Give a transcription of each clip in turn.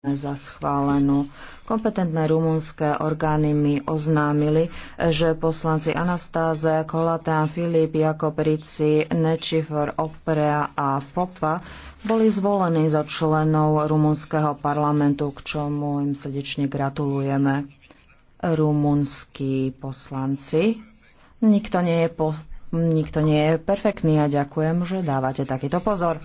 za schválenú. Kompetentné rumunské orgány mi oznámili, že poslanci Anastáze, Kolatán, Filip, Jakob, Rici, Nečifor, Oprea a Popa boli zvolení za členov rumunského parlamentu, k čomu im srdečne gratulujeme. Rumunskí poslanci. Nikto nie je, po, nikto nie je perfektný a ďakujem, že dávate takýto pozor.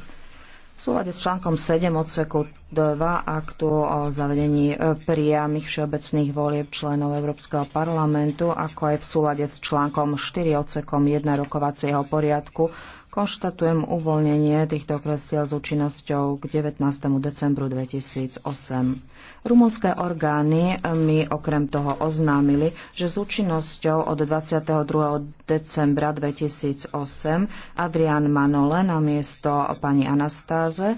V súlade s článkom 7 odseku EVA aktu o zavedení e, priamých všeobecných volieb členov Európskeho parlamentu, ako aj v súlade s článkom 4 odsekom 1 rokovacieho poriadku, konštatujem uvoľnenie týchto kresiel s účinnosťou k 19. decembru 2008. Rumunské orgány e, mi okrem toho oznámili, že s účinnosťou od 22. decembra 2008 Adrian Manole na miesto pani Anastáze, e,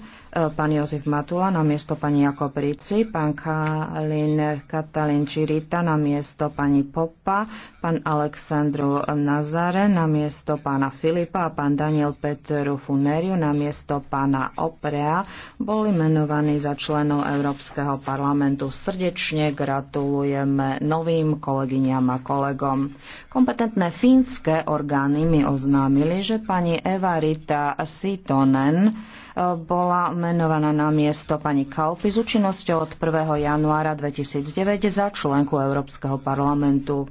pani Jozef Matula na miesto pani Jakobrici, pán Kalin Katalin Čirita na miesto pani Popa, pán Aleksandru Nazare na miesto pána Filipa a pán Daniel Petru Funeriu na miesto pána Oprea boli menovaní za členov Európskeho parlamentu. Srdečne gratulujeme novým kolegyňam a kolegom. Kompetentné fínske orgány mi oznámili, že pani Eva Rita Sitonen eh, bola menovaná na miesto pani pani Kaufy s účinnosťou od 1. januára 2009 za členku Európskeho parlamentu.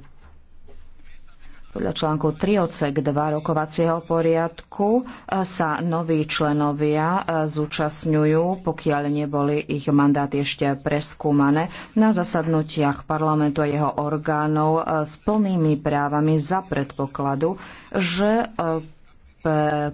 Podľa článku 3 odsek 2 rokovacieho poriadku eh, sa noví členovia eh, zúčastňujú, pokiaľ neboli ich mandáty ešte preskúmané, na zasadnutiach parlamentu a jeho orgánov eh, s plnými právami za predpokladu, že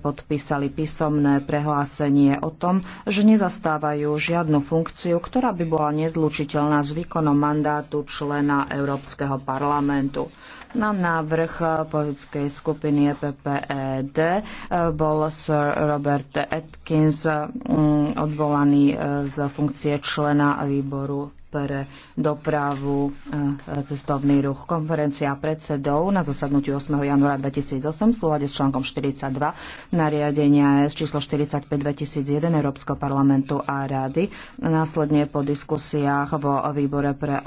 podpísali písomné prehlásenie o tom, že nezastávajú žiadnu funkciu, ktorá by bola nezlučiteľná s výkonom mandátu člena Európskeho parlamentu. Na návrh politickej skupiny EPPED eh, bol Sir Robert Atkins mm, odvolaný eh, z funkcie člena výboru pre dopravu, e, cestovný ruch. Konferencia predsedov na zasadnutí 8. januára 2008 v súlade s článkom 42 nariadenia S číslo 45 2001 Európskeho parlamentu a rady. Následne po diskusiách vo výbore pre